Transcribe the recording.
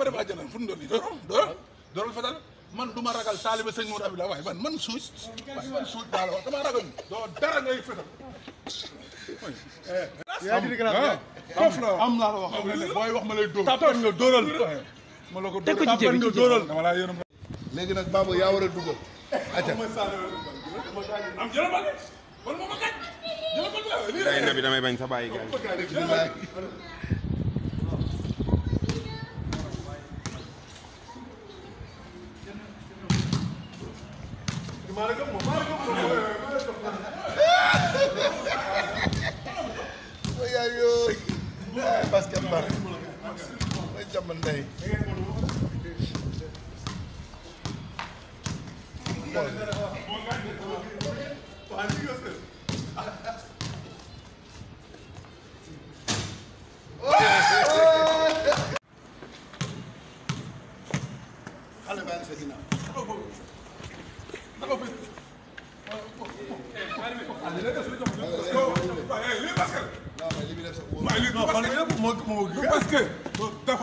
ma dem àjjana fu mu doon dooral dooral dooral man du ma ragal taaliba sañ Mourou Abdoulaye waaye man man suuj waaye man suuj daal wax damaa ragal doo dara ngay fetal ah, am laa la wax booy wax ma lay dóor tàppal nga dóoral ma ko tàppal nga dóoral dama laa léegi nag baaba yaa war a dugal aca am jërëmal wala ma ma gàj jërëmal lii basket ba may jàmm ndey xale baa ngi sa ginnaaw parce que dafa